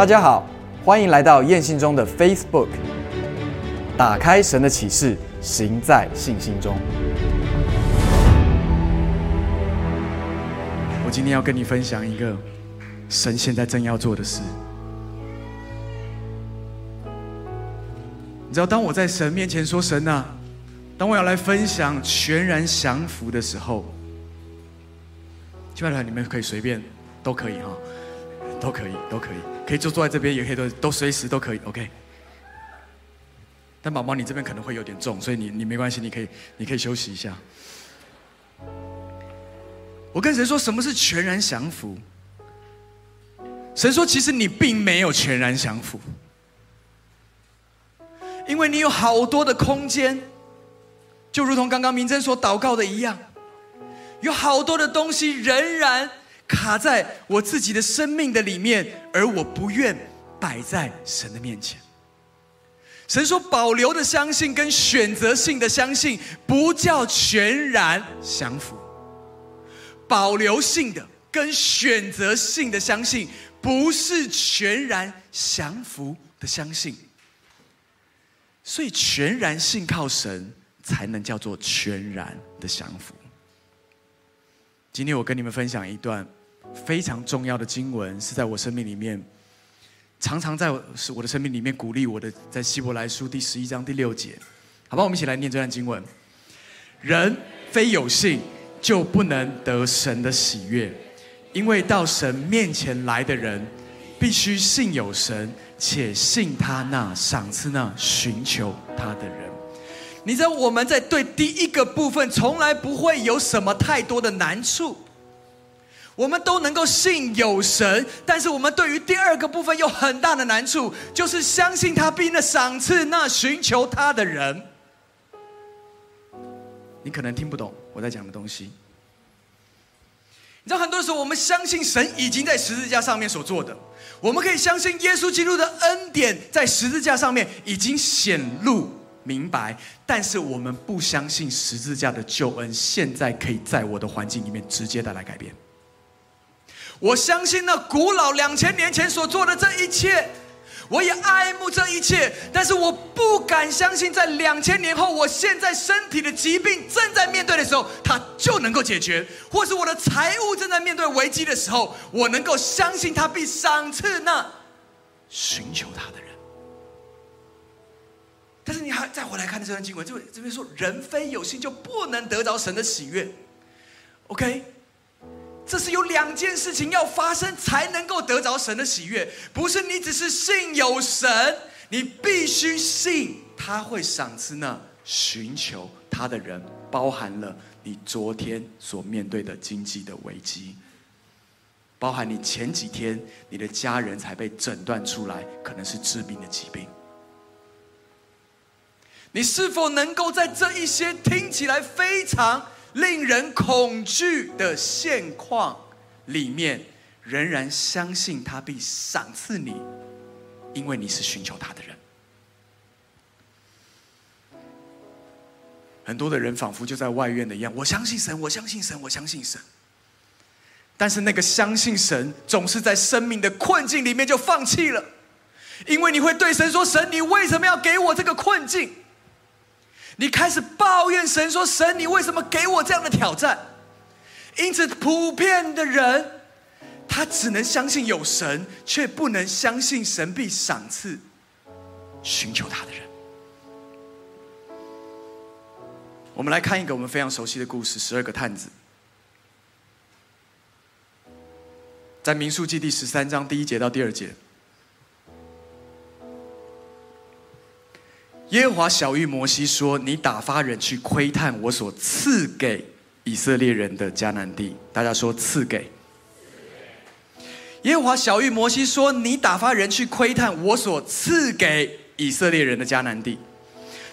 大家好，歡迎來到信心中的 Facebook。打開神的啟示，行在信心中。我今天要跟你分享一個神現在正要做的事。你知道，當我在神面前說“神啊”，當我要來分享全然降服的時候，基本上你們可以隨便都可以哈、哦，都可以，都可以。可以就坐在這邊，也可以都都隨時都可以，OK。但寶寶，你這邊可能會有點重，所以你你沒關係，你可以你可以休息一下。我跟神說，什麼是全然降服？神說，其實你並沒有全然降服，因為你有好多的空間，就如同剛剛明真所禱告的一樣，有好多的東西仍然。卡在我自己的生命的裡面，而我不願擺在神的面前。神說：保留的相信跟選擇性的相信，不叫全然降服。保留性的跟選擇性的相信，不是全然降服的相信。所以，全然信靠神，才能叫做全然的降服。今天，我跟你們分享一段。非常重要的經文，是在我生命裡面，常常在我是我的生命裡面鼓勵我的，在希伯來書第十一章第六節。好吧，我們一起來念這段經文：人非有信，就不能得神的喜悅，因為到神面前來的人，必須信有神，且信他那賞賜那尋求他的人。你知道我們在對第一個部分，從來不會有什麼太多的難處。我們都能夠信有神，但是我們對於第二個部分有很大的難處，就是相信他必能賞賜那尋求他的人。你可能聽不懂我在講的東西。你知道，很多時候我們相信神已經在十字架上面所做的，我們可以相信耶穌基督的恩典在十字架上面已經顯露明白，但是我們不相信十字架的救恩現在可以在我的環境裡面直接帶來改變。我相信那古老兩千年前所做的這一切，我也愛慕這一切，但是我不敢相信，在兩千年後，我現在身體的疾病正在面對的時候，他就能夠解決；或是我的財務正在面對危機的時候，我能夠相信他必賞賜那尋求他的人。但是你還再回來看這段經文，這邊這邊說，人非有信就不能得着神的喜悅。OK。這是有兩件事情要發生才能夠得着神的喜悅，不是你只是信有神，你必須信他會賞賜那尋求他的人，包含了你昨天所面對的經濟的危機，包含你前幾天你的家人才被診斷出來可能是致命的疾病，你是否能夠在這一些聽起來非常令人恐懼的現況裡面，仍然相信他必賞賜你，因為你是尋求他的人。很多的人仿佛就在外院的一樣，我相信神，我相信神，我相信神。但是那個相信神，總是在生命的困境裡面就放棄了，因為你會對神說：“神，你為什麼要給我這個困境？”你開始抱怨神，說：“神，你為什麼給我這樣的挑戰？”因此，普遍的人他只能相信有神，却不能相信神必賞賜尋求他的人。我們來看一個我們非常熟悉的故事——十二個探子，在民數記第十三章第一節到第二節。耶和華曉諭摩西說：“你打發人去窺探我所賜給以色列人的迦南地。”大家說：“賜給。”耶和華曉諭摩西說：“你打發人去窺探我所賜給以色列人的迦南地。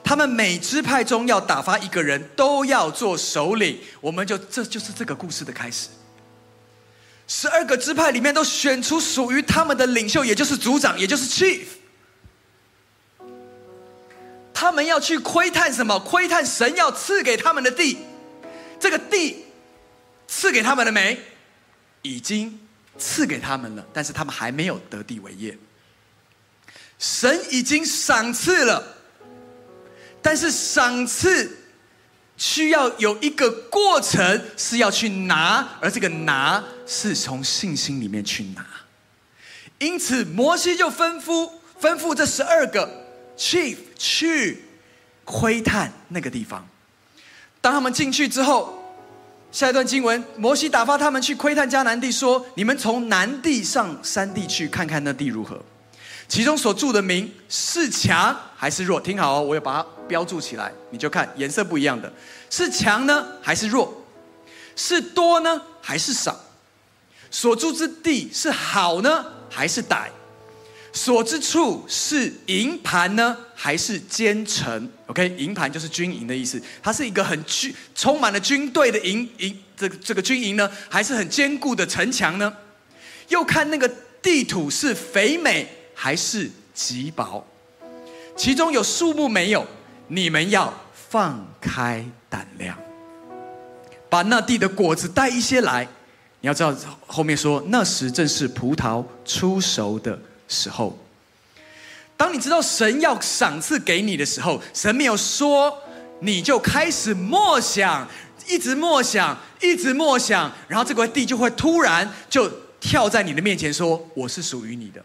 他們每支派中要打發一個人，都要做首領。我們就這，就是這個故事的開始。十二個支派裡面都選出屬於他們的領袖，也就是組長，也就是 chief。他們要去窺探什麼？窺探神要賜給他們的地。這個地，賜給他們了沒？已經賜給他們了，但是他們還沒有得地為業。神已經賞賜了，但是賞賜需要有一個過程，是要去拿，而這個拿是從信心裡面去拿。因此，摩西就吩咐吩咐這十二個。Chief 去窺探那個地方。當他們進去之後，下一段經文，摩西打發他們去窺探迦南地，說：“你們從南地上山地去看看那地如何，其中所住的民是強還是弱？聽好哦，我要把它標註起來，你就看顏色不一樣的，是強呢還是弱？是多呢還是少？所住之地是好呢還是歹？”所之處是營盤呢，還是堅城 OK 營盤就是軍營的意思，它，是一個很軍，充滿了軍隊的營營，這個這個軍營呢，還是很堅固的城牆呢？又看那個地土是肥美還是瘠薄，其中有樹木沒有？你們要放開膽量，把那地的果子帶一些來。你要知道，後面說那時正是葡萄初熟的時候，當你知道神要賞賜給你的時候，神沒有說，你就開始默想，一直默想，一直默想，然後這塊地就會突然就跳在你的面前，說：“我是屬於你的。”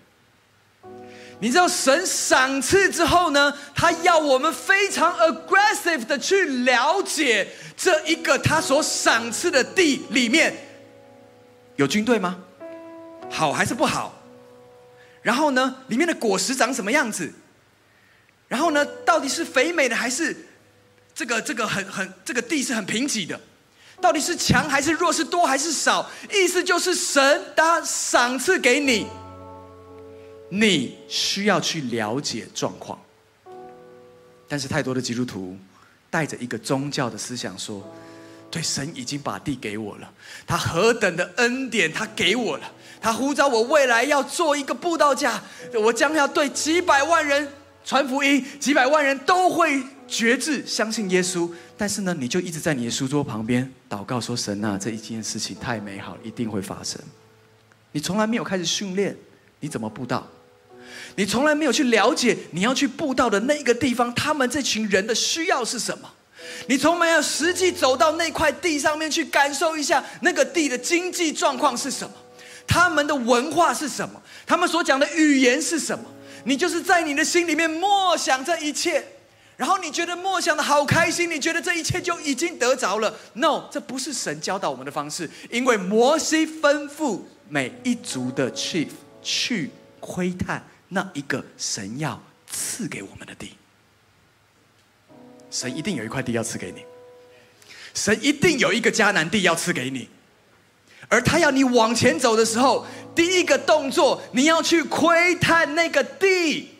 你知道神賞賜之後呢，他要我們非常 aggressive 的去了解這一個他所賞賜的地裡面，有軍隊嗎？好還是不好？然後呢，裡面的果實長什麼樣子？然後呢，到底是肥美的還是這個這個很很這個地是很貧瘠的？到底是強還是弱？是多還是少？意思就是神他賞賜給你，你需要去了解狀況。但是太多的基督徒帶着一個宗教的思想說對，對，神已經把地給我了，他何等的恩典，他給我了。他呼召我未來要做一個布道家，我將要對幾百萬人傳福音，幾百萬人都會決志相信耶穌。但是呢，你就一直在你的書桌旁邊禱告，說：“神啊，這一件事情太美好，一定會發生。”你從來沒有開始訓練，你怎麼布道？你從來沒有去了解你要去布道的那一個地方，他們這群人的需要是什麼？你從來沒有實際走到那塊地上面去感受一下，那個地的經濟狀況是什麼？他們的文化是什麼？他們所講的語言是什麼？你就是在你的心裡面默想這一切，然後你覺得默想的好開心，你覺得這一切就已經得着了。No，這不是神教導我們的方式，因為摩西吩咐每一族的 chief 去，去窺探那一個神要賜給我們的地。神一定有一塊地要賜給你，神一定有一個迦南地要賜給你。而他要你往前走的時候，第一個動作，你要去窺探那個地，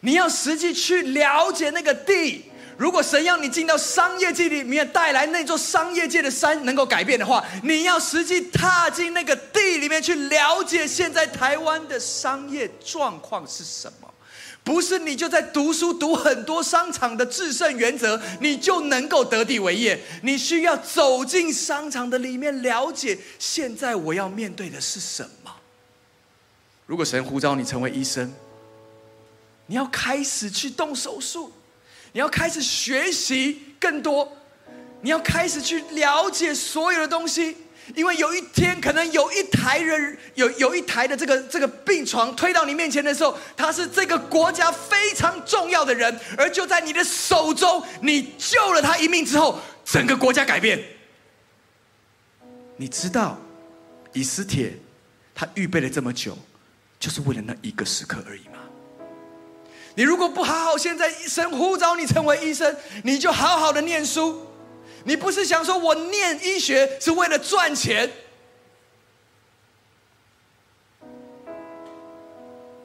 你要實際去了解那個地。如果神要你進到商業界裡面，帶來那座商業界的山能夠改變的話，你要實際踏進那個地裡面去了解，現在台灣的商業狀況是什麼。不是你就在讀書讀很多商場的制勝原則，你就能夠得地為業。你需要走進商場的裡面，了解現在我要面對的是什麼。如果神呼召你成為醫生，你要開始去動手術，你要開始學習更多，你要開始去了解所有的東西。因為有一天，可能有一台人有有一台的這個這個病床推到你面前的時候，他是這個國家非常重要的人，而就在你的手中，你救了他一命之後，整個國家改變。你知道，以斯帖，他預備了這麼久，就是為了那一個時刻而已嗎？你如果不好好現在神呼召你成為醫生，你就好好的念書。你不是想說，我念醫學是為了賺錢，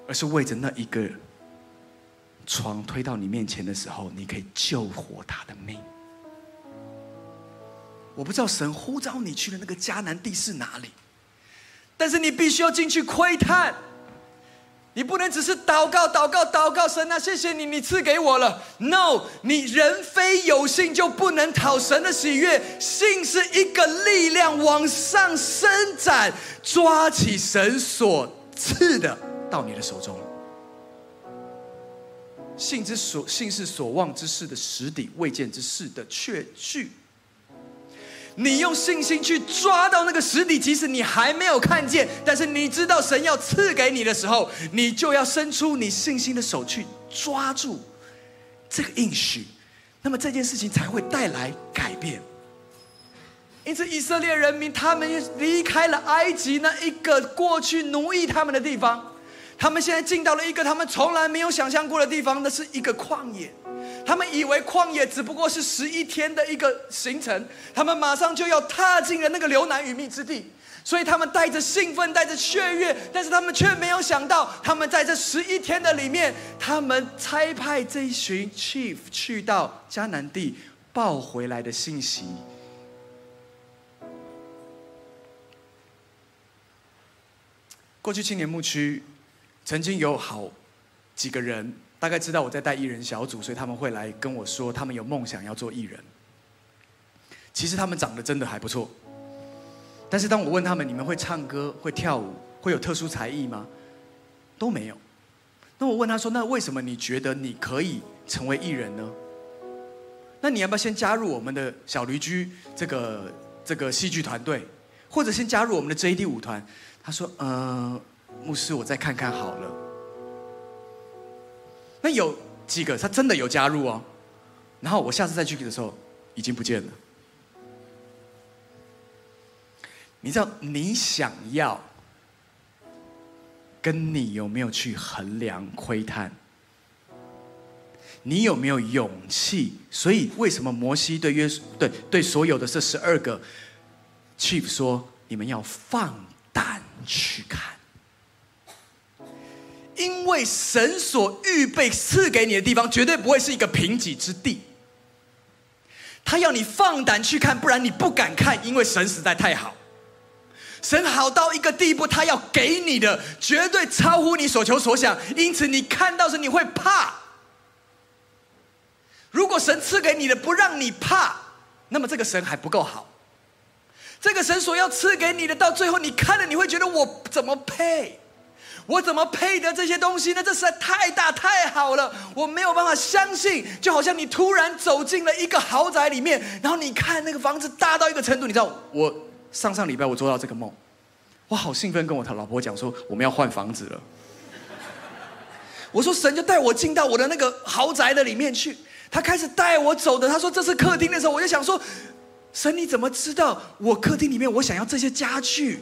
而是為着那一個床推到你面前的時候，你可以救活他的命。我不知道神呼召你去的那個迦南地是哪裡，但是你必須要進去窺探。你不能只是禱告、禱告、禱告，神啊，謝謝你，你賜給我了。No，你人非有信就不能討神的喜悅，信是一個力量往上伸展，抓起神所賜的到你的手中。信之所，信是所望之事的實底，未見之事的確據。你用信心去抓到那個實體，即使你還沒有看見，但是你知道神要賜給你的時候，你就要伸出你信心的手去抓住這個應許，那麼這件事情才會帶來改變。因此，以色列人民他們離開了埃及那一個過去奴役他們的地方。他們現在進到了一個他們從來沒有想象過的地方，那是一個曠野。他們以為曠野只不過是十一天的一個行程，他們馬上就要踏進了那個流奶與蜜之地，所以他們帶着興奮，帶着雀躍，但是他們卻沒有想到，他們在這十一天的裡面，他們差派這一群 chief 去到迦南地，報回來的信息。過去青年牧區。曾經有好幾個人，大概知道我在帶藝人小組，所以他們會來跟我說，他們有夢想要做藝人。其實他們長得真的還不錯，但是當我問他們，你們會唱歌、會跳舞、會有特殊才藝嗎？都沒有。那我問他說，那為什麼你覺得你可以成為藝人呢？那你要不要先加入我們的小驢駒這個這個戲劇團隊，或者先加入我們的 J.D 舞團？他說，嗯、呃……’牧師，我再看看好了。那有幾個他真的有加入哦，然後我下次再去的時候，已經不見了。你知道你想要，跟你有沒有去衡量、窺探，你有沒有勇氣？所以，為什麼摩西對約對對所有的這十二個 chief 說：你們要放膽去看。因為神所預備賜給你的地方絕對不會是一個貧瘠之地，他要你放膽去看，不然你不敢看，因為神實在太好，神好到一個地步，他要給你的絕對超乎你所求所想，因此你看到時你會怕。如果神賜給你的不讓你怕，那麼這個神還不夠好，這個神所要賜給你的，到最後你看了你會覺得我怎麼配？我怎麼配得這些東西呢？這實在太大太好了，我沒有辦法相信。就好像你突然走進了一個豪宅裡面，然後你看那個房子大到一個程度，你知道我？我上上禮拜我做到這個夢，我好興奮，跟我的老婆講說我們要換房子了。我說神就帶我進到我的那個豪宅的裡面去，他開始帶我走的。他說這是客廳的時候，我就想說，神你怎麼知道我客廳裡面我想要這些家具？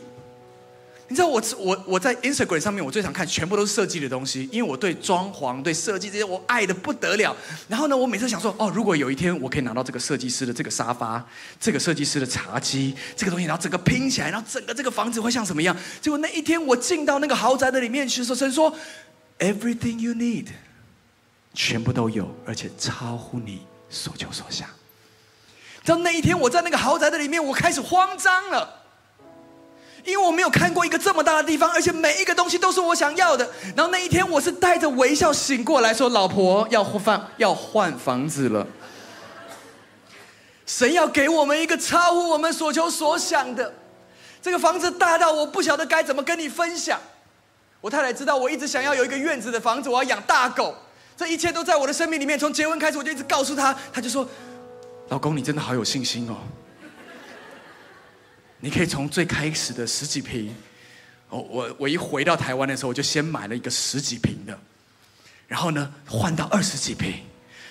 你知道我我我在 Instagram 上面我最常看全部都是設計的東西，因為我對裝潢、對設計這些我愛得不得了。然後呢，我每次想說哦，如果有一天我可以拿到這個設計師的這個沙發、這個設計師的茶幾，這個東西，然後整個拼起來，然後整個這個房子會像什麼樣？結果那一天我進到那個豪宅的裡面去的時候，神說 Everything you need，全部都有，而且超乎你所求所想。到那一天我在那個豪宅的裡面，我開始慌張了。因為我沒有看過一個這麼大的地方，而且每一個東西都是我想要的。然後那一天，我是帶着微笑醒過來說：“老婆，要換要換房子了。”神要給我們一個超乎我們所求所想的。這個房子大到我不曉得該怎麼跟你分享。我太太知道我一直想要有一個院子的房子，我要養大狗，這一切都在我的生命裡面。從結婚開始，我就一直告訴她，她就說：“老公，你真的好有信心哦。”你可以從最開始的十幾瓶我，我我我一回到台灣的時候，我就先買了一個十幾瓶的，然後呢，換到二十幾瓶，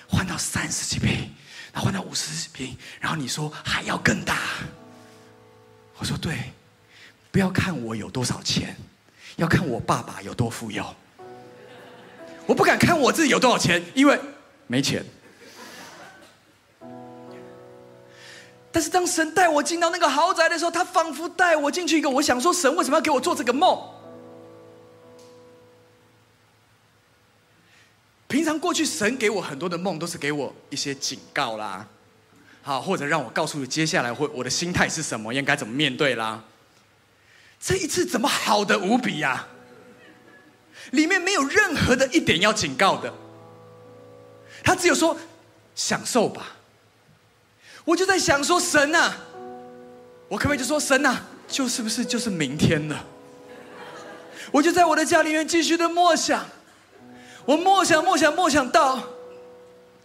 換到三十幾瓶，然後換到五十幾瓶，然後你說還要更大，我說對，不要看我有多少錢，要看我爸爸有多富有。我不敢看我自己有多少錢，因為沒錢。但是當神帶我進到那個豪宅的時候，他仿佛帶我進去一個。我想說，神為什麼要給我做這個夢？平常過去，神給我很多的夢，都是給我一些警告啦，好，或者讓我告訴你接下來會我的心態是什麼，應該怎麼面對啦。這一次怎麼好得無比呀、啊？裡面沒有任何的一點要警告的，他只有說享受吧。我就在想說神吶、啊，我可不可以就說神吶、啊，就是不是就是明天了？我就在我的家裡面繼續的默想，我默想默想默想到，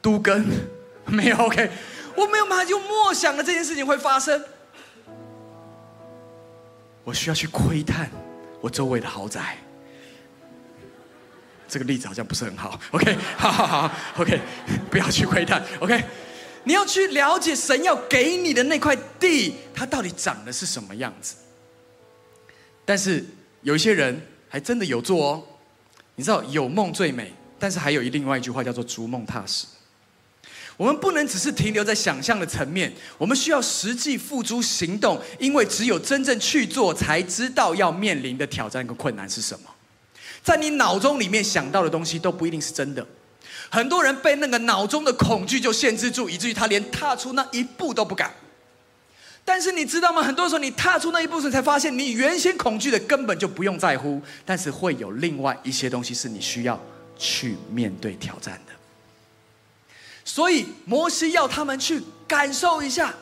都跟沒有 OK，我沒有辦法，就默想了這件事情會發生。我需要去窺探我周圍的豪宅。這個例子好像不是很好，OK，好好好，OK，不要去窺探，OK。你要去了解神要給你的那塊地，它到底長得是什麼樣子？但是有一些人還真的有做哦，你知道有夢最美，但是還有一另外一句話叫做“逐夢踏實”。我們不能只是停留在想象的層面，我們需要實際付諸行動，因為只有真正去做，才知道要面臨的挑戰跟困難是什麼。在你腦中裡面想到的東西，都不一定是真的。很多人被那個腦中的恐懼就限制住，以至於他連踏出那一步都不敢。但是你知道嗎？很多時候你踏出那一步時，才發現你原先恐懼的根本就不用在乎。但是會有另外一些東西是你需要去面對挑戰的。所以摩西要他們去感受一下，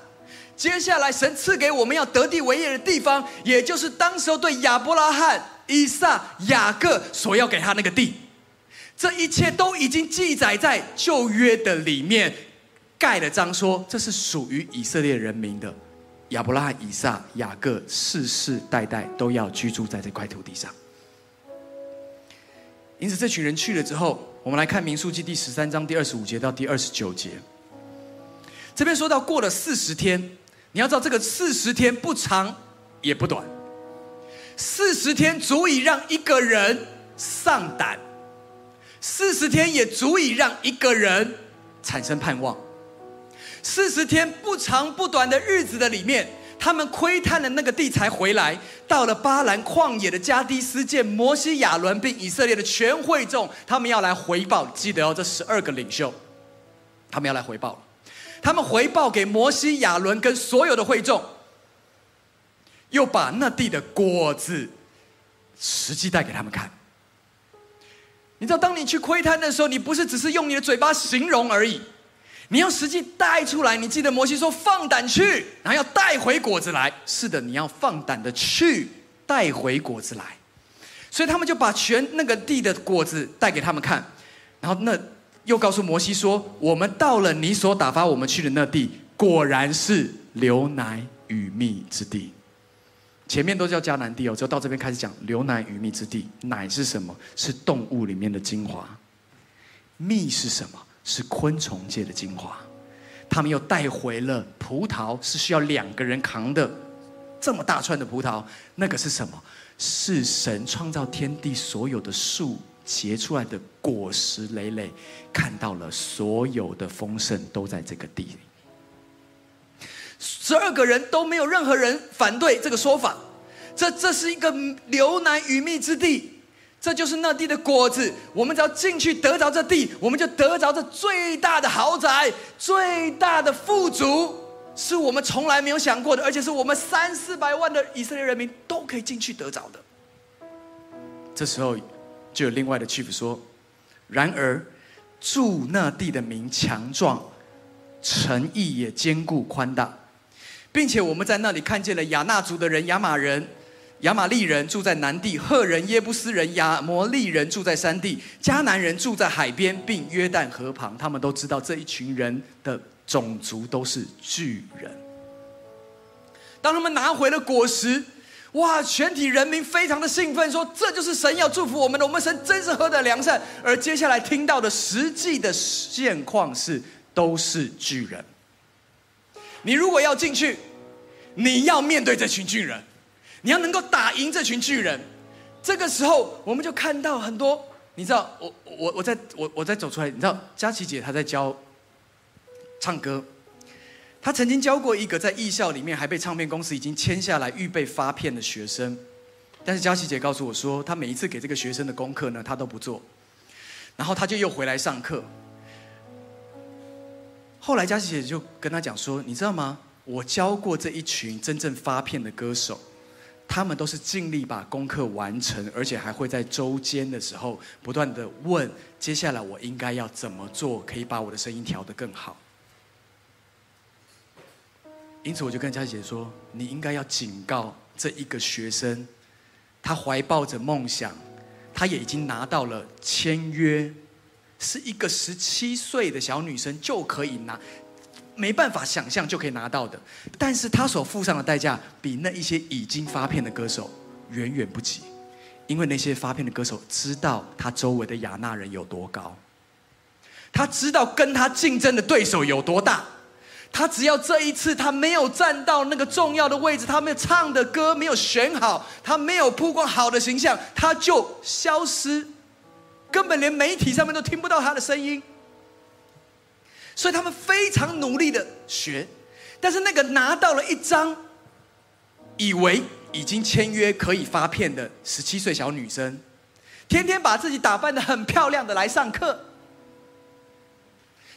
接下來神賜給我們要得地為業的地方，也就是當時候對亞伯拉罕、以撒、雅各所要給他那個地。這一切都已經記載在舊約的裡面，蓋了章說，這是屬於以色列人民的。亞伯拉罕、以撒、雅各，世世代代都要居住在這塊土地上。因此，這群人去了之後，我們來看民數記第十三章第二十五節到第二十九節。這邊說到過了四十天，你要知道這個四十天不長也不短，四十天足以讓一個人喪膽。四十天也足以讓一個人產生盼望。四十天不長不短的日子的裡面，他們窺探了那個地才回來，到了巴蘭曠野的加低斯見摩西、亞倫並以色列的全會眾，他們要來回報。記得哦，這十二個領袖，他們要來回報，他們回報給摩西、亞倫跟所有的會眾，又把那地的果子實際帶給他們看。你知道，當你去窺探的時候，你不是只是用你的嘴巴形容而已，你要實際帶出來。你記得摩西說：“放膽去，然後要帶回果子來。”是的，你要放膽的去帶回果子來。所以他們就把全那個地的果子帶給他們看，然後那又告訴摩西說：“我們到了你所打發我們去的那地，果然是流奶與蜜之地。”前面都叫迦南地哦，就到這邊開始講流奶與蜜之地。奶是什麼？是動物裡面的精華。蜜是什麼？是昆蟲界的精華。他們又帶回了葡萄，是需要兩個人扛的，這麼大串的葡萄。那個是什麼？是神創造天地所有的樹結出來的果實累累。看到了所有的豐盛都在這個地裡。十二個人都沒有任何人反對這個說法。這，這這是一個流奶與蜜之地，這就是那地的果子。我們只要進去得着這地，我們就得着這最大的豪宅、最大的富足，是我們從來沒有想過的，而且是我們三四百萬的以色列人民都可以進去得着的。這時候，就有另外的 chief 說：“然而，住那地的民強壯，城邑也堅固寬大。”並且我們在那裡看見了亞衲族的人、亞瑪人、亞瑪利人住在南地；赫人、耶布斯人、亞摩利人住在山地；迦南人住在海邊，並約旦河旁。他們都知道這一群人的種族都是巨人。當他們拿回了果實，哇！全體人民非常的興奮，說：“這就是神要祝福我們的，我們神真是何等良善。”而接下來聽到的實際的現況是，都是巨人。你如果要進去，你要面對這群巨人，你要能夠打贏這群巨人。這個時候，我們就看到很多，你知道，我我我在我我在走出來，你知道，佳琪姐她在教唱歌，她曾經教過一個在藝校裡面還被唱片公司已經簽下來預備發片的學生，但是佳琪姐告訴我說，她每一次給這個學生的功課呢，她都不做，然後她就又回來上課。後來佳琪姐就跟她講說，你知道嗎？我教過這一群真正發片的歌手，他們都是盡力把功課完成，而且還會在周間的時候不斷地問，接下來我應該要怎麼做，可以把我的聲音調得更好。因此，我就跟佳姐說，你應該要警告這一個學生，她懷抱着夢想，她也已經拿到了簽約，是一個十七歲的小女生就可以拿。沒辦法想象就可以拿到的，但是他所付上的代價比那一些已經發片的歌手遠遠不及，因為那些發片的歌手知道他周圍的亞納人有多高，他知道跟他競爭的對手有多大，他只要這一次他沒有站到那個重要的位置，他沒有唱的歌沒有選好，他沒有鋪過好的形象，他就消失，根本連媒體上面都聽不到他的聲音。所以他們非常努力的學，但是那個拿到了一張，以為已經簽約可以發片的十七歲小女生，天天把自己打扮得很漂亮的來上課，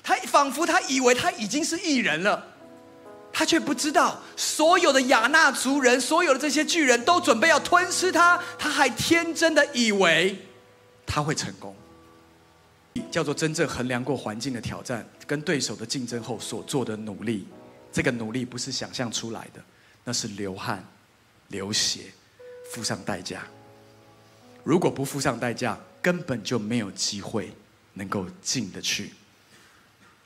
他仿佛他以為他已經是藝人了，他卻不知道所有的亞衲族人，所有的這些巨人都準備要吞噬他，他還天真的以為，他會成功。叫做真正衡量過環境的挑戰，跟對手的競爭後所做的努力，這個努力不是想象出來的，那是流汗、流血、付上代價。如果不付上代價，根本就沒有機會能夠進得去。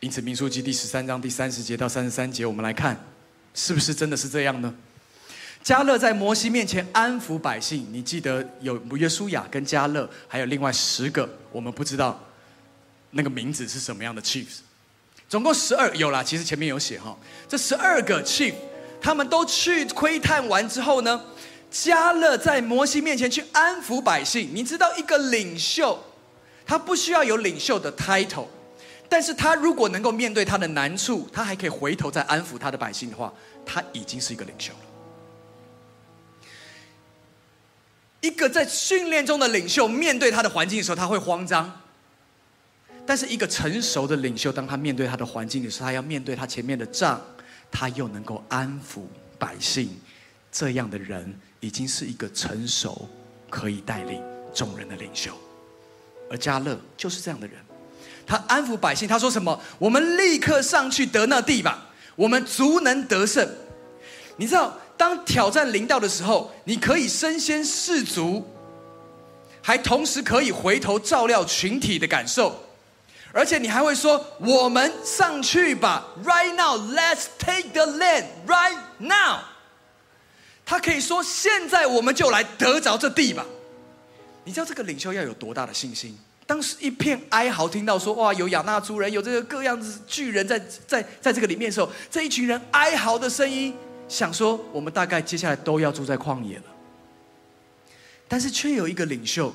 因此，民數記第十三章第三十節到三十三節，我們來看，是不是真的是這樣呢？迦勒在摩西面前安撫百姓，你記得有約書亞跟迦勒，還有另外十個，我們不知道。那個名字是什麼樣的 chief？總共十二，有了。其實前面有寫哈、哦，這十二個 chief，他們都去窺探完之後呢，迦勒在摩西面前去安撫百姓。你知道，一個領袖，他不需要有領袖的 title，但是他如果能夠面對他的難處，他還可以回頭再安撫他的百姓的話，他已經是一個領袖了。一個在訓練中的領袖，面對他的環境的時候，他會慌張。但是，一個成熟的領袖，當他面對他的環境的時候，他要面對他前面的仗，他又能夠安撫百姓，這樣的人已經是一個成熟、可以帶領眾人的領袖。而迦勒就是這樣的人，他安撫百姓，他說：“什麼？我們立刻上去得那地吧，我們足能得勝。”你知道，當挑戰臨到的時候，你可以身先士卒，還同時可以回頭照料群體的感受。而且你還會說：“我們上去吧，Right now, let's take the land, right now。”他可以說：“現在我們就來得着這地吧。”你知道這個領袖要有多大的信心？當時一片哀嚎，聽到說：“哇，有亞衲族人，有這個各樣子巨人在，在在在這個裡面的時候，這一群人哀嚎的聲音，想說我們大概接下來都要住在曠野了。”但是卻有一個領袖，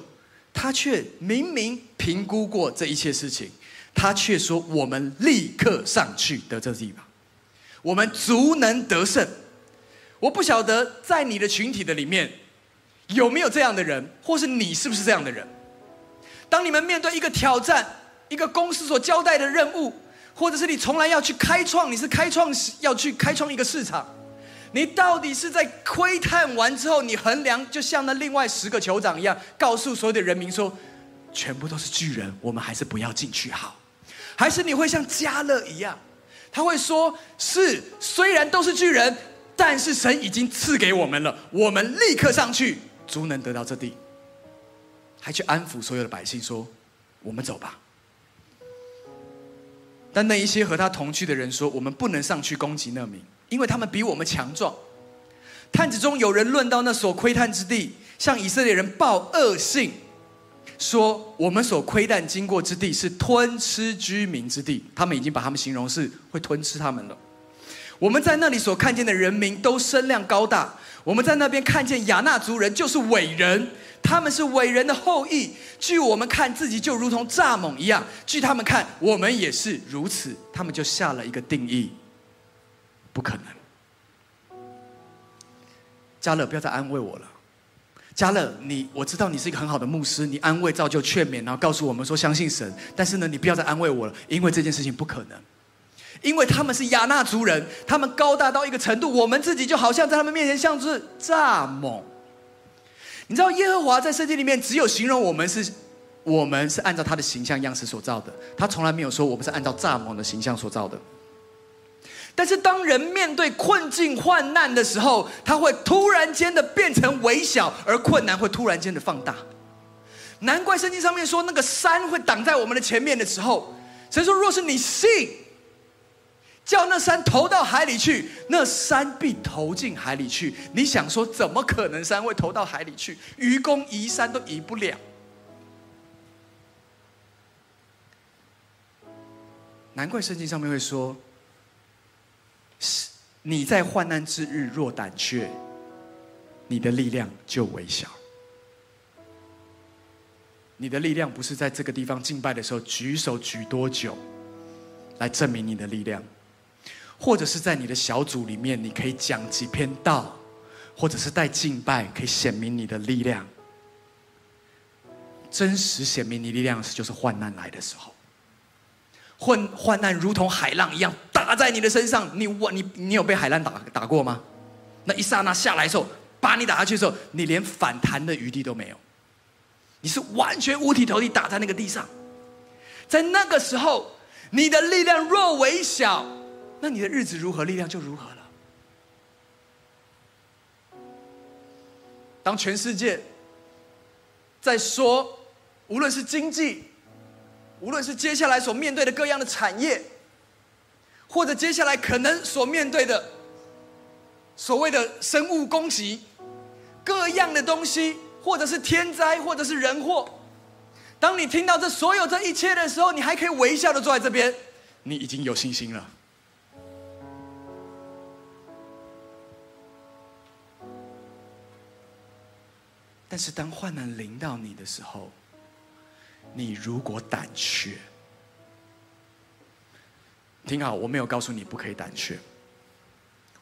他卻明明評估過這一切事情。他卻說：“我們立刻上去得這地吧，我們足能得勝。”我不曉得在你的群體的裡面有沒有這樣的人，或是你是不是這樣的人？當你們面對一個挑戰，一個公司所交代的任務，或者是你從來要去開創，你是開創要去開創一個市場，你到底是在窺探完之後，你衡量就像那另外十個酋長一樣，告訴所有的人民說：“全部都是巨人，我們還是不要進去好。”還是你會像迦勒一樣，他會說：“是，雖然都是巨人，但是神已經賜給我們了，我們立刻上去，足能得到這地。”還去安撫所有的百姓說：“我們走吧。”但那一些和他同去的人說：“我們不能上去攻擊那民，因為他們比我們強壯。”探子中有人論到那所窺探之地，向以色列人報惡信。說我們所窺探經過之地是吞吃居民之地，他們已經把他們形容，是會吞吃他們了。我們在那裡所看見的人民都身量高大，我們在那邊看見亞衲族人就是偉人，他們是偉人的後裔。據我們看自己就如同蚱蜢一樣，據他們看我們也是如此。他們就下了一個定義：不可能。迦勒，不要再安慰我了。迦勒，你我知道你是一個很好的牧師，你安慰、造就、勸勉，然後告訴我們說相信神。但是呢，你不要再安慰我了，因為這件事情不可能，因為他們是亞納族人，他們高大到一個程度，我們自己就好像在他們面前像是蚱蜢。你知道耶和華在聖經裡面只有形容我們是，我們是按照他的形象樣式所造的，他從來沒有說我們是按照蚱蜢的形象所造的。但是，當人面對困境、患難的時候，他會突然間的變成微小，而困難會突然間的放大。難怪聖經上面說，那個山會擋在我們的前面的時候，神說：“若是你信，叫那山投到海裡去，那山必投進海裡去。”你想說，怎麼可能山會投到海裡去？愚公移山都移不了。難怪聖經上面會說。是，你在患難之日若膽怯，你的力量就微小。你的力量不是在這個地方敬拜的時候舉手舉多久，來證明你的力量，或者是在你的小組裡面，你可以講幾篇道，或者是帶敬拜可以顯明你的力量。真實顯明你的力量是，就是患難來的時候。混患患難如同海浪一樣打在你的身上，你我你你，你有被海浪打打過嗎？那一剎那下來的時候，把你打下去的時候，你連反彈的餘地都沒有，你是完全五體投地打在那個地上。在那個時候，你的力量若微小，那你的日子如何，力量就如何了。當全世界在說，無論是經濟。無論是接下來所面對的各樣的產業，或者接下來可能所面對的所謂的生物攻擊，各樣的東西，或者是天災，或者是人禍，當你聽到這所有這一切的時候，你還可以微笑的坐在這邊，你已經有信心了。但是當患難臨到你的時候，你如果膽怯，聽好，我沒有告訴你不可以膽怯，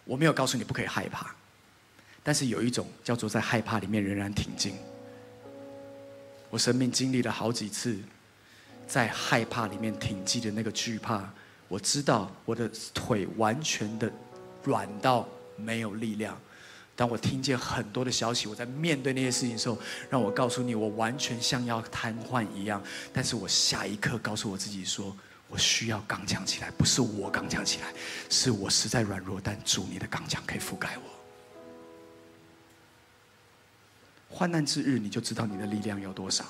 我沒有告訴你不可以害怕，但是有一種叫做在害怕裡面仍然挺進。我生命經歷了好幾次，在害怕裡面挺進的那個懼怕，我知道我的腿完全的軟到沒有力量。當我聽見很多的消息，我在面對那些事情的時候，讓我告訴你，我完全像要癱瘓一樣。但是我下一刻告訴我自己說，我需要剛強起來，不是我剛強起來，是我實在軟弱。但主，你的剛強可以覆蓋我。患難之日，你就知道你的力量有多少。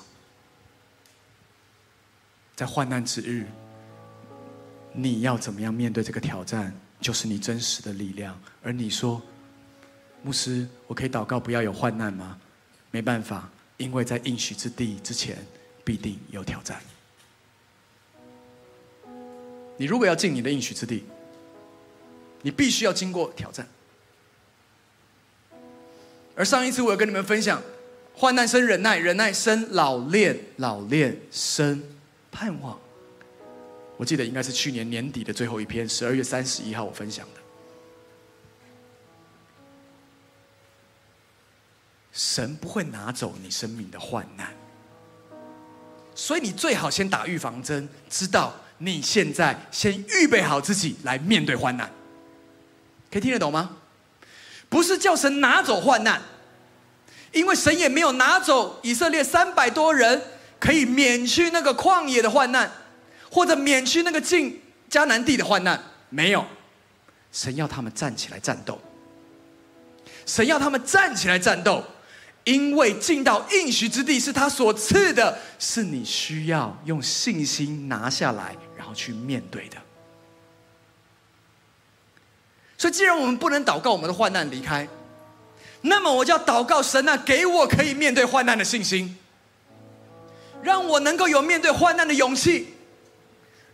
在患難之日，你要怎麼樣面對這個挑戰，就是你真實的力量。而你說，牧師，我可以禱告不要有患難嗎？沒辦法，因為在應許之地之前，必定有挑戰。你如果要進你的應許之地，你必須要經過挑戰。而上一次我有跟你們分享，患難生忍耐，忍耐生老練，老練生盼望。我記得應該是去年年底的最後一篇，十二月三十一號我分享的。神不會拿走你生命的患難，所以你最好先打預防針，知道你現在先預備好自己來面對患難，可以聽得懂嗎？不是叫神拿走患難，因為神也沒有拿走以色列三百多人可以免去那個曠野的患難，或者免去那個進迦南地的患難，沒有，神要他們站起來戰鬥，神要他們站起來戰鬥。因為進到應許之地是他所賜的，是你需要用信心拿下來，然後去面對的。所以，既然我們不能禱告我們的患難離開，那麼我就要禱告神啊，給我可以面對患難的信心，讓我能夠有面對患難的勇氣，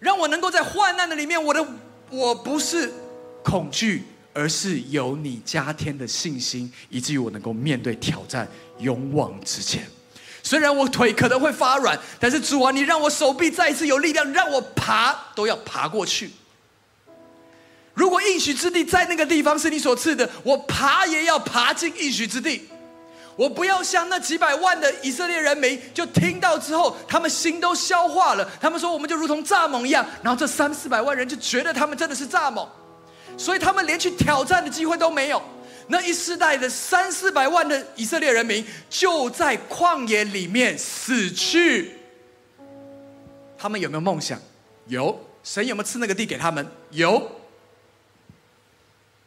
讓我能夠在患難的裡面，我的我不是恐懼，而是有你加添的信心，以至於我能夠面對挑戰，勇往直前。雖然我腿可能會發軟，但是主啊，你讓我手臂再一次有力量，讓我爬都要爬過去。如果應許之地在那個地方是你所賜的，我爬也要爬進應許之地。我不要像那幾百萬的以色列人民，就聽到之後他們心都消化了，他們說我們就如同蚱蜢一樣，然後這三四百萬人就覺得他們真的是蚱蜢。所以他們連去挑戰的機會都沒有，那一世代的三四百萬的以色列人民就在曠野裡面死去。他們有沒有夢想？有。神有沒有賜那個地給他們？有。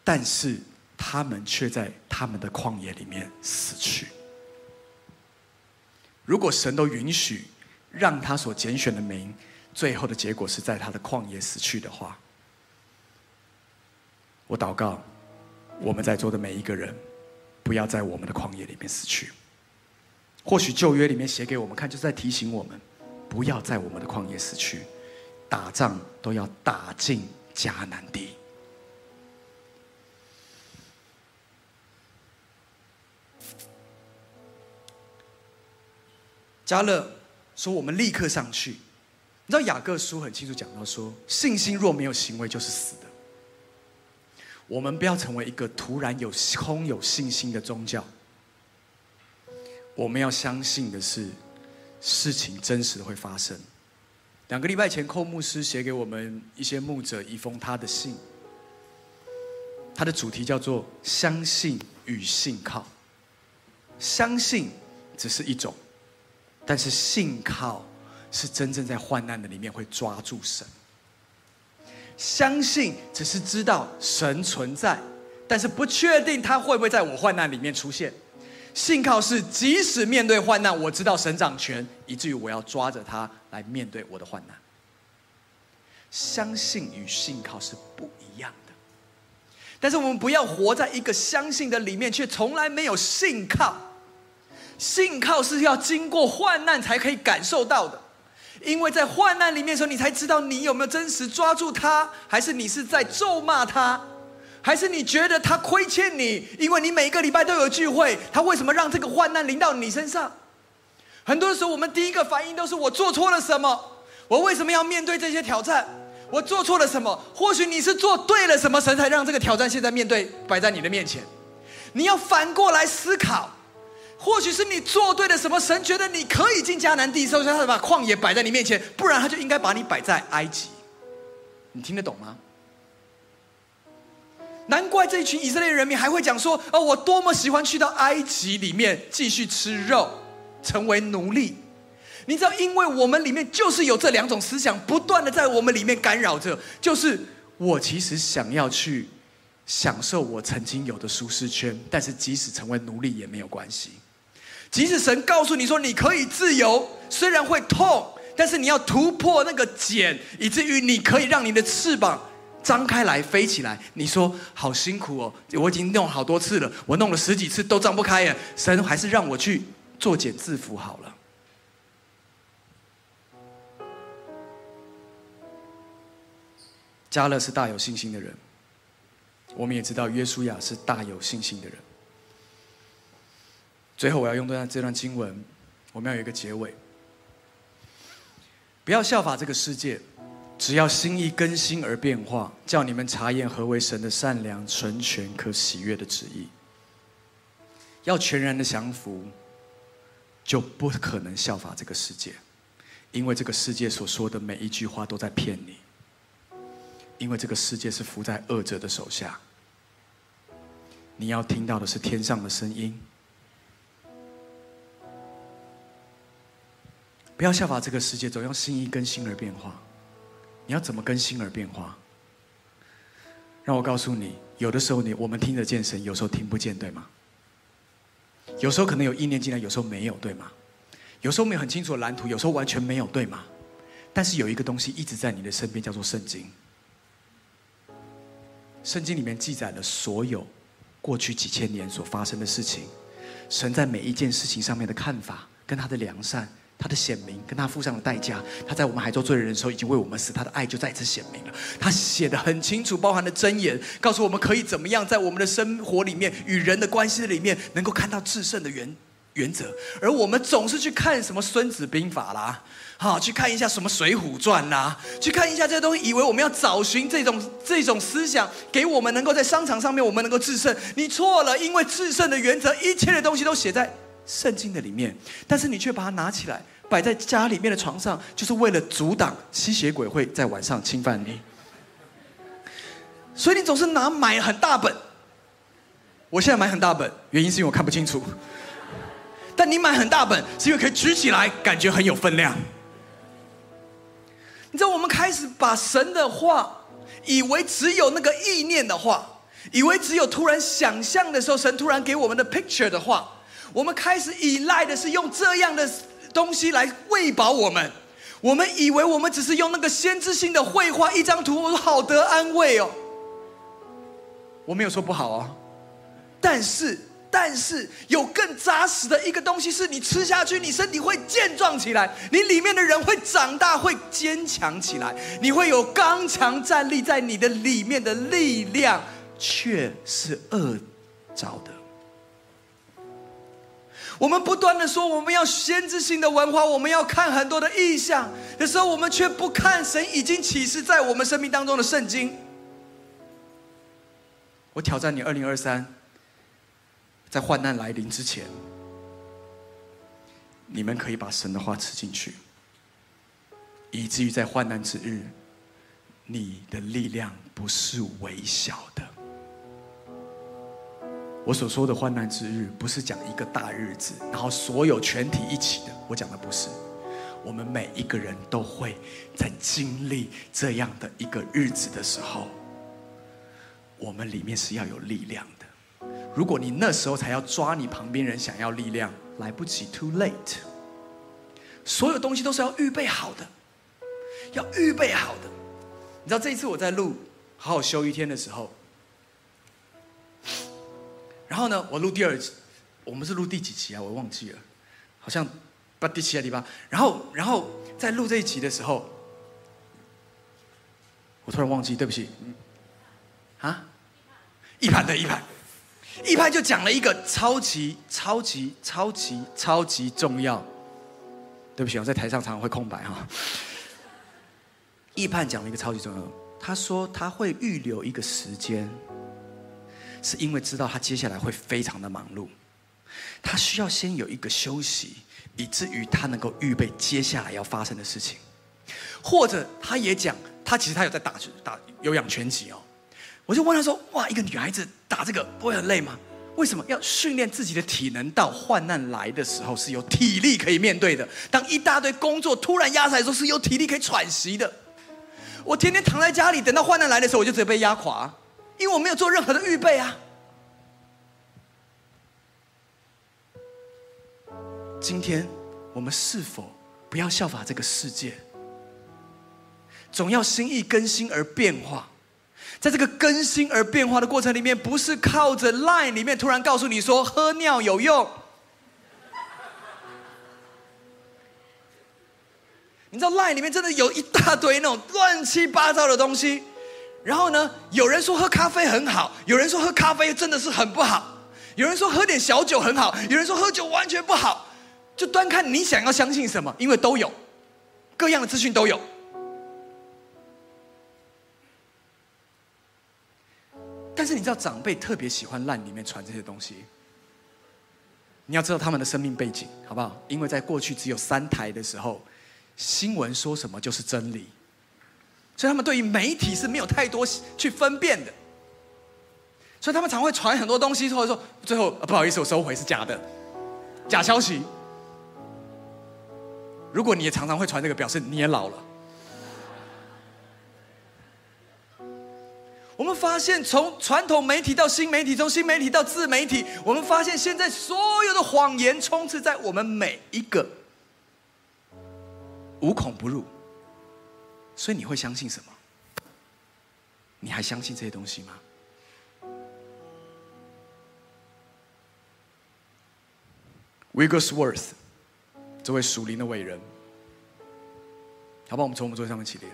但是他們卻在他們的曠野裡面死去。如果神都允許，讓他所揀選的民，最後的結果是在他的曠野死去的話。我禱告，我們在座的每一個人，不要在我們的曠野裡面死去。或許舊約裡面寫給我們看，就是在提醒我們，不要在我們的曠野死去。打仗都要打進迦南地。迦勒說：“我們立刻上去。”你知道雅各書很清楚講到說：“信心若沒有行為，就是死的。”我們不要成為一個突然有空有信心的宗教。我們要相信的是，事情真實的會發生。兩個禮拜前，寇牧師寫給我們一些牧者一封他的信，他的主題叫做“相信與信靠”。相信只是一種，但是信靠是真正在患難的裡面會抓住神。相信只是知道神存在，但是不確定他會不會在我患難裡面出現。信靠是即使面對患難，我知道神掌權，以至於我要抓着他來面對我的患難。相信與信靠是不一樣的，但是我們不要活在一個相信的裡面，卻從來沒有信靠。信靠是要經過患難才可以感受到的。因為在患難裡面的時候，你才知道你有沒有真實抓住他，還是你是在咒罵他，還是你覺得他虧欠你？因為你每個禮拜都有聚會，他為什麼讓這個患難臨到你身上？很多時候，我們第一個反應都是我做錯了什麼？我為什麼要面對這些挑戰？我做錯了什麼？或許你是做對了什麼，神才讓這個挑戰現在面對擺在你的面前。你要反過來思考。或許是你做對了什麼，神覺得你可以進迦南地，所以他就把曠野擺在你面前；不然他就應該把你擺在埃及。你聽得懂嗎？難怪這一群以色列人民還會講說：“哦，我多麼喜歡去到埃及裡面繼續吃肉，成為奴隸。”你知道，因為我們裡面就是有這兩種思想不斷的在我們裡面干擾着，就是我其實想要去享受我曾經有的舒適圈，但是即使成為奴隸也沒有關係。即使神告訴你說你可以自由，雖然會痛，但是你要突破那個繭，以至於你可以讓你的翅膀張開來飛起來。你說好辛苦哦，我已經弄好多次了，我弄了十幾次都張不開耶。神還是讓我去作繭自縛好了。迦勒是大有信心的人，我們也知道約書亞是大有信心的人。最後，我要用到這段經文，我們要有一個結尾。不要效法這個世界，只要心意更新而變化，叫你們察驗何為神的善良、純全、可喜悅的旨意。要全然的降服，就不可能效法這個世界，因為這個世界所說的每一句話都在騙你。因為這個世界是伏在惡者的手下。你要聽到的是天上的聲音。不要效法這個世界，總要心意更新而變化。你要怎麼更新而變化？讓我告訴你，有的時候你我們聽得見神，有時候聽不見，對嗎？有時候可能有意念進來，有時候沒有，對嗎？有時候沒有很清楚的藍圖，有時候完全沒有，對嗎？但是有一個東西一直在你的身邊，叫做聖經。聖經裡面記載了所有過去幾千年所發生的事情，神在每一件事情上面的看法跟他的良善。他的顯明跟他付上的代價。他在我們還做罪人的時候已經為我們死，他的愛就再一次顯明了。他寫得很清楚，包含了箴言，告訴我們可以怎麼樣在我們的生活裡面，與人的關係裡面能夠看到制勝的原原則。而我們總是去看什麼《孫子兵法》啦，好去看一下什麼《水滸傳》啦，去看一下這些東西，以為我們要找尋這種這種思想，給我們能夠在商場上面我們能夠制勝。你錯了，因為制勝的原則，一切的東西都寫在。聖經的裡面，但是你卻把它拿起來擺在家裡面的床上，就是為了阻擋吸血鬼會在晚上侵犯你。所以你總是拿買很大本。我現在買很大本，原因是因為我看不清楚。但你買很大本，是因為可以舉起來，感覺很有分量。你知道，我們開始把神的話，以為只有那個意念的話，以為只有突然想象的時候，神突然給我們的 picture 的話。我們開始依賴的是用這樣的東西來餵飽我們，我們以為我們只是用那個先知性的繪畫一張圖，我說好得安慰哦。我沒有說不好啊、哦，但是但是有更扎實的一個東西是，你吃下去，你身體會健壯起來，你裡面的人會長大，會堅強起來，你會有剛強站立在你的裡面的力量，卻是餓著的，我們不斷的說，我們要先知性的文化，我們要看很多的意象，有時候我們卻不看神已經啟示在我們生命當中的聖經。我挑戰你，二零二三，在患難來臨之前，你們可以把神的話吃進去，以至於在患難之日，你的力量不是微小的。我所說的患難之日，不是講一個大日子，然後所有全體一起的。我講的不是，我們每一個人都會在經歷這樣的一個日子的時候，我們裡面是要有力量的。如果你那時候才要抓你旁邊人想要力量，來不及，too late。所有東西都是要預備好的，要預備好的。你知道這一次我在錄好好休一天的時候。然後呢，我錄第二集，我們是錄第幾期啊？我忘記了，好像不，第七的地方然後，然後在錄這一集的時候，我突然忘記，對不起。啊？一盤對一盤一盤就講了一個超級超級超級超級，超級，超級重要。對不起，我在台上常常會空白哈。一盤講了一個超級重要，他說他會預留一個時間。是因為知道他接下來會非常的忙碌，他需要先有一個休息，以至於他能夠預備接下來要發生的事情。或者他也講，他其實他有在打打有氧拳擊哦。我就問他說：“哇，一個女孩子打這個不會很累嗎？為什麼要訓練自己的體能？到患難來的時候是有體力可以面對的。當一大堆工作突然壓下來的時候，是有體力可以喘息的。我天天躺在家裡，等到患難來的時候，我就直接被壓垮啊。”因為我沒有做任何的預備啊！今天我們是否不要效法這個世界？總要心意更新而變化，在這個更新而變化的過程裡面，不是靠着 Line 裡面突然告訴你說喝尿有用。你知道 Line 裡面真的有一大堆那種亂七八糟的東西。然後呢，有人說喝咖啡很好，有人說喝咖啡真的是很不好，有人說喝點小酒很好，有人說喝酒完全不好，就端看你想要相信什麼，因為都有，各樣的資訊都有。但是你知道長輩特別喜歡 Line 裡面傳這些東西，你要知道他們的生命背景好不好？因為在過去只有三台的時候，新聞說什麼就是真理。所以他們對於媒體是沒有太多去分辨的，所以他們常會傳很多東西，或者說最後不好意思，我收回，是假的，假消息。如果你也常常會傳這個，表示你也老了。我們發現，從傳統媒體到新媒體，從新媒體到自媒體，我們發現現在所有的謊言充斥在我們每一個，無孔不入。所以你會相信什麼？你還相信這些東西嗎？Wigglesworth，這位屬靈的偉人，好吧，我們從我們座位上面起立。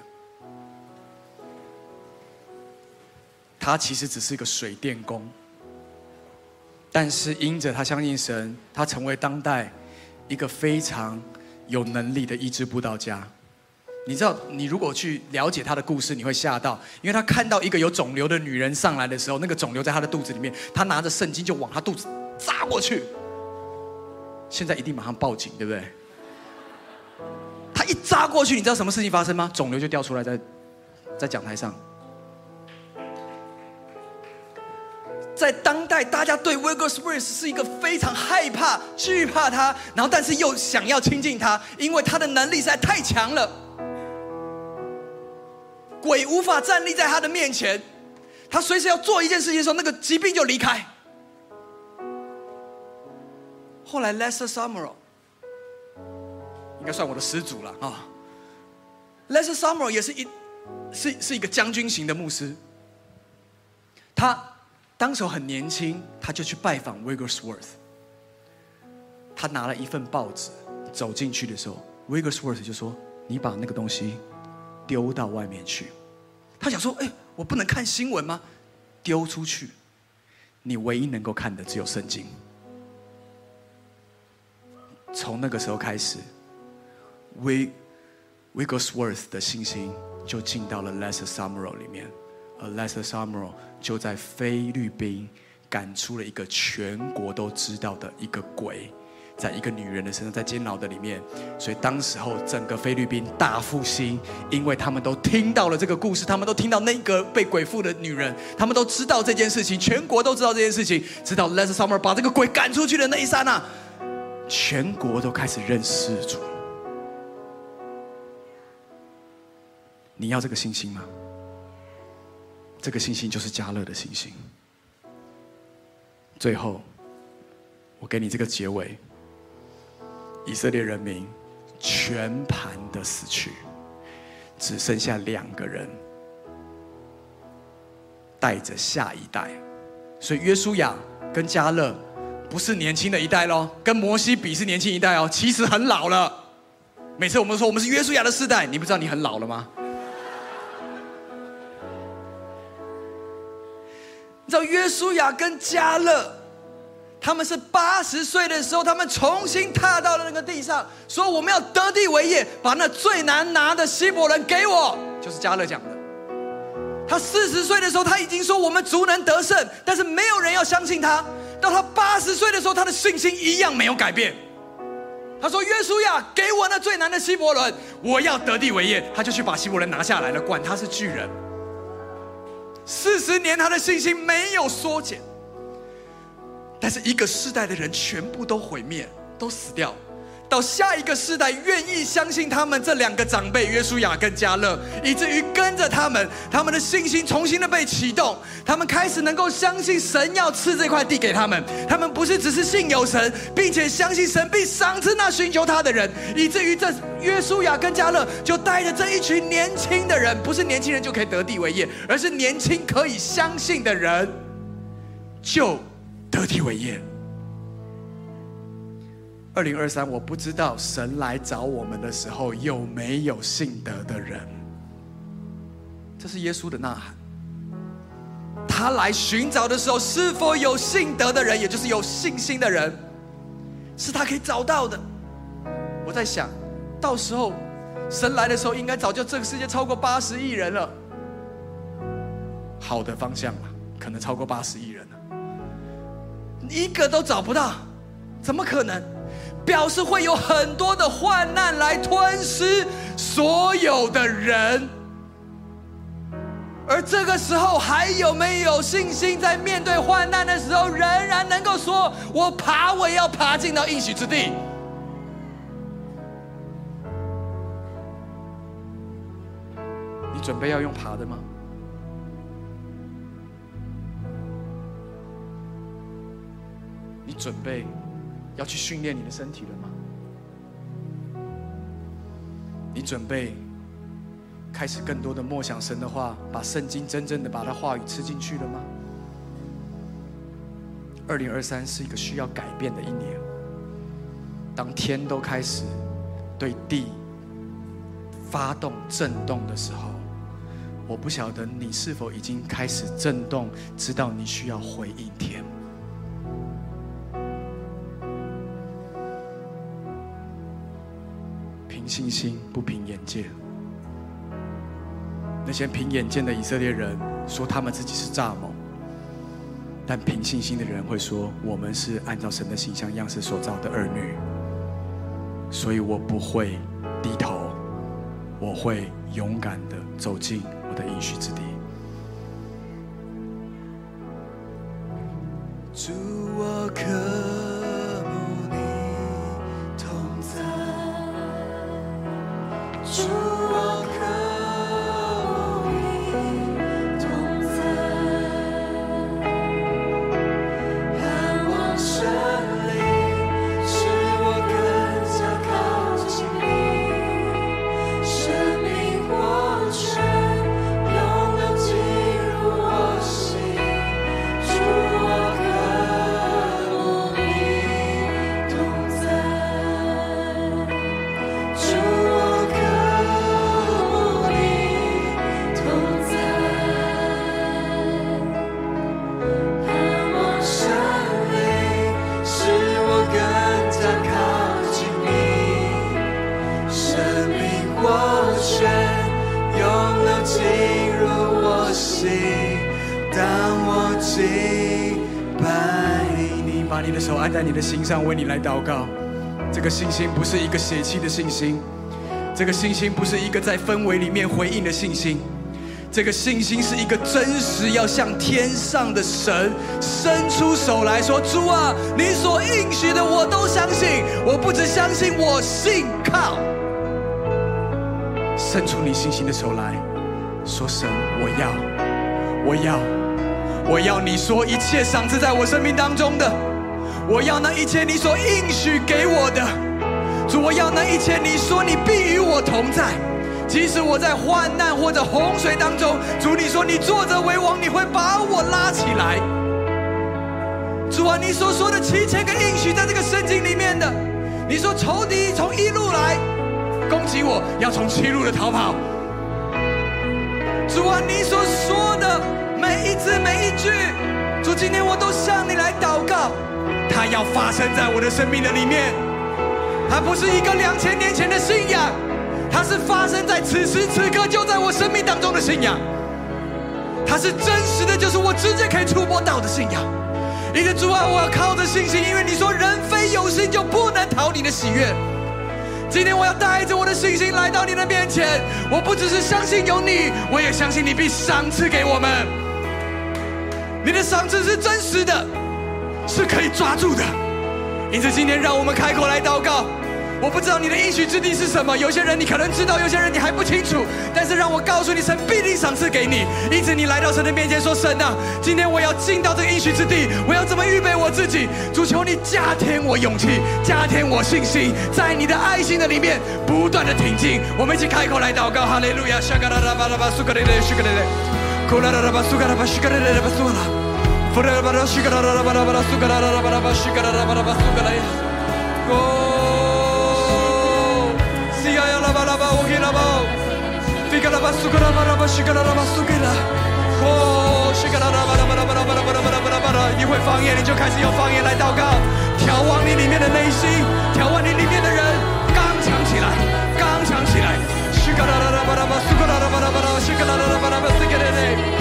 他其實只是一個水電工，但是因着他相信神，他成為當代一個非常有能力的醫治佈道家。你知道，你如果去了解他的故事，你會嚇到，因為他看到一個有腫瘤的女人上來的時候，那個腫瘤在他的肚子裡面，他拿着聖經就往他肚子扎過去。現在一定馬上報警，對不對？他一扎過去，你知道什麼事情發生嗎？腫瘤就掉出來在，在在講台上。在當代，大家對 Wigglesworth Smith 是一個非常害怕、懼怕他，然後但是又想要親近他，因為他的能力實在太強了。鬼無法站立在他的面前，他隨時要做一件事情的時候，那個疾病就離開。後來，Lester Sumrall 應該算我的始祖了啊。哦、Lester Sumrall 也是一是是一個將軍型的牧師，他當時很年輕，他就去拜訪 Wiggersworth，他拿了一份報紙走進去的時候，Wiggersworth 就說：“你把那個東西。”丟到外面去，他想說：“哎、欸，我不能看新聞嗎？”丟出去，你唯一能夠看的只有聖經。從那個時候開始，Wigglesworth 的信心就進到了 Lester Sumrall 裡面，而 Lester Sumrall 就在菲律賓趕出了一個全國都知道的一個鬼。在一個女人的身上，在煎熬的裡面，所以當時候整個菲律賓大復興，因為他們都聽到了這個故事，他們都聽到那個被鬼附的女人，他們都知道這件事情，全國都知道這件事情，知道 Last Summer 把這個鬼趕出去的那一剎那，啊，全國都開始認識主。你要這個信心嗎？這個信心就是迦勒的信心。最後，我給你這個結尾。以色列人民全盤的死去，只剩下兩個人帶着下一代。所以約書亞跟迦勒不是年輕的一代咯，跟摩西比是年輕一代哦，其實很老了。每次我們說我們是約書亞的世代，你不知道你很老了嗎？你知道約書亞跟迦勒？他們是八十歲的時候，他們重新踏到了那個地上，說我們要得地為業，把那最難拿的希伯倫給我。就是迦勒講的。他四十歲的時候，他已經說我們足能得勝，但是沒有人要相信他。到他八十歲的時候，他的信心一樣沒有改變。他說約書亞，給我那最難的希伯倫，我要得地為業。他就去把希伯倫拿下來了，管他是巨人。四十年，他的信心沒有縮減。但是一個世代的人全部都毀滅，都死掉，到下一個世代願意相信他們這兩個長輩約書亞跟迦勒，以至於跟着他們，他們的信心重新的被啟動，他們開始能夠相信神要賜這塊地給他們。他們不是只是信有神，並且相信神，必賞賜那尋求他的人，以至於這約書亞跟迦勒就帶着這一群年輕的人，不是年輕人就可以得地為業，而是年輕可以相信的人，就。得體為業。二零二三，我不知道神來找我們的時候有沒有信德的人。這是耶穌的吶喊。他來尋找的時候，是否有信德的人，也就是有信心的人，是他可以找到的。我在想到時候神來的時候，應該早就這個世界超過八十億人了。好的方向嘛、啊，可能超過八十億人。一個都找不到，怎麼可能？表示會有很多的患難來吞噬所有的人，而這個時候還有沒有信心，在面對患難的時候，仍然能夠說“我爬，我也要爬進到應許之地”？你準備要用爬的嗎？你準備要去訓練你的身體了嗎？你準備開始更多的默想神的話，把聖經真正的把它話語吃進去了嗎？二零二三是一個需要改變的一年。當天都開始對地發動震動的時候，我不曉得你是否已經開始震動，知道你需要回應天。憑信心，不憑眼見。那些憑眼見的以色列人說他們自己是蚱蜢，但憑信心的人會說：“我們是按照神的形象樣式所造的兒女。”所以，我不會低頭，我會勇敢的走進我的應許之地。祝我可。信心不是一個血氣的信心，這個信心不是一個在氛圍裡面回應的信心，這個信心是一個真實，要向天上的神伸出手來說：“主啊，你所應許的我都相信，我不只相信，我信靠。”伸出你信心的手來說：“神，我要，我要，我要你說一切賞賜在我生命當中的，我要那一切你所應許給我的。”主，我要那一切，你說你必與我同在，即使我在患難或者洪水當中，主，你說你坐着為王，你會把我拉起來。主啊，你所說的七千個應許，在這個聖經裡面的，你說仇敵從一路來攻擊我，要從七路的逃跑。主啊，你所說的每一字每一句，主，今天我都向你來禱告，它要發生在我的生命的裡面。它不是一個兩千年前的信仰，它是發生在此時此刻，就在我生命當中的信仰。它是真實的，就是我直接可以觸摸到的信仰。因此，主啊，我要靠着信心，因為你說人非有心就不能討你的喜悅。今天我要帶着我的信心來到你的面前，我不只是相信有你，我也相信你必賞賜給我們。你的賞賜是真實的，是可以抓住的。因此，今天讓我們開口來禱告。我不知道你的應許之地是什麼，有些人你可能知道，有些人你還不清楚。但是讓我告訴你，神必定賞賜給你。因此你來到神的面前，說：“神啊，今天我要進到這個應許之地，我要怎麼預備我自己？主求你加添我勇氣，加添我信心，在你的愛心的裡面不斷的挺進。”我們一起開口來禱告：“哈利路亞！”一格拉拉拉拉拉拉拉拉，拉拉拉拉拉拉拉拉，你會方言，你就開始用方言來禱告。眺望你裡面的內心，眺望你裡面的人，剛強起來，剛強起來。拉拉拉拉拉拉拉拉拉拉拉拉拉。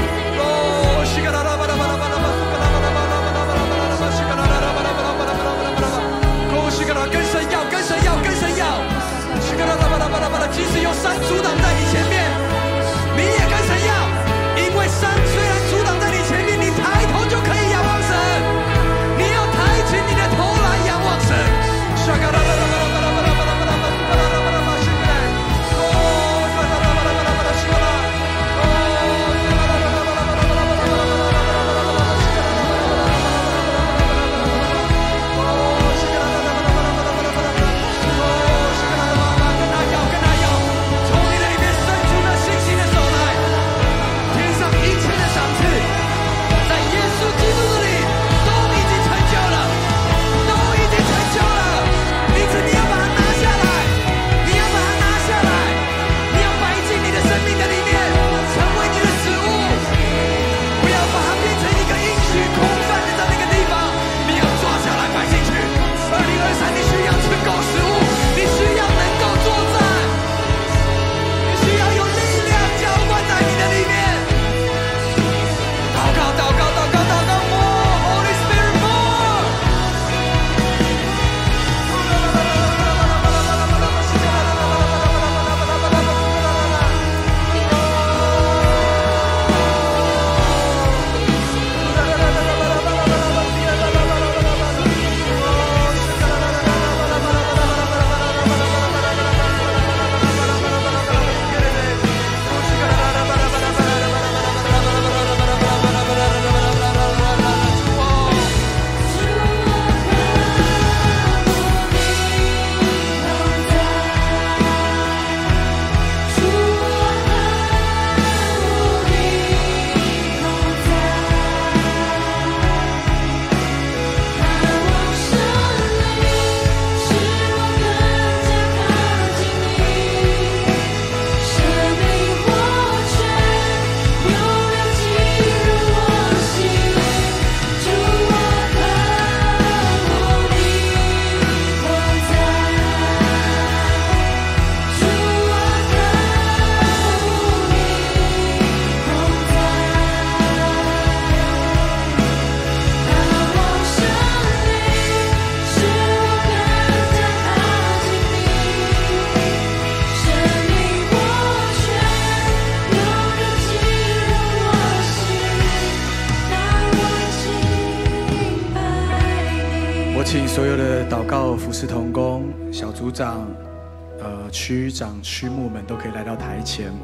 即使有山阻擋在你前。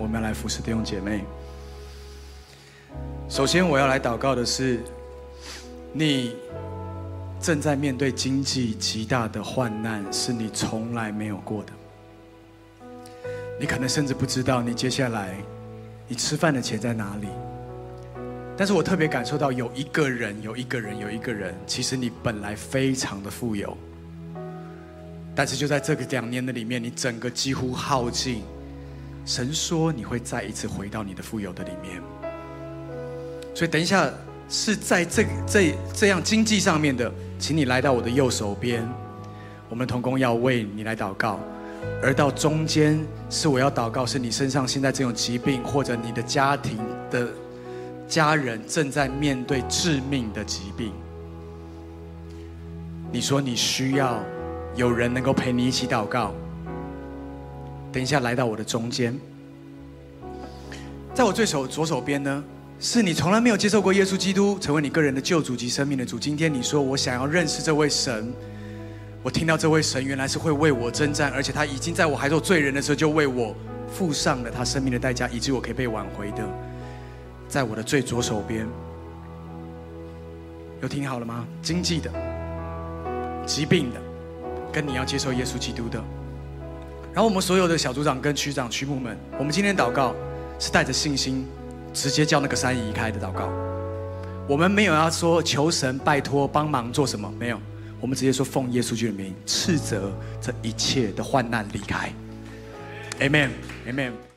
我們要來服侍弟兄姐妹。首先，我要來禱告的是，你正在面對經濟極大的患難，是你從來沒有過的。你可能甚至不知道，你接下來你吃飯的錢在哪裡。但是我特別感受到，有一個人，有一個人，有一個人，其實你本來非常的富有，但是就在這個兩年的裡面，你整個幾乎耗盡。神說你會再一次回到你的富有的裡面，所以等一下是在這這這樣經濟上面的，請你來到我的右手邊，我們同工要為你來禱告，而到中間是我要禱告，是你身上現在這種疾病，或者你的家庭的家人正在面對致命的疾病，你說你需要有人能夠陪你一起禱告。等一下，來到我的中間，在我最手左手邊呢，是你從來沒有接受過耶穌基督，成為你個人的救主及生命的主。今天你說我想要認識這位神，我聽到這位神原來是會為我征戰，而且他已經在我還做罪人的時候就為我付上了他生命的代價，以及我可以被挽回的。在我的最左手邊，有聽好了嗎？經濟的、疾病的，跟你要接受耶穌基督的。然後我們所有的小組長跟區長、區牧們，我們今天禱告是帶着信心，直接叫那個山移開的禱告。我們沒有要說求神拜托幫忙做什麼，沒有，我們直接說奉耶穌基督的名斥責這一切的患難離開。Amen，Amen Amen。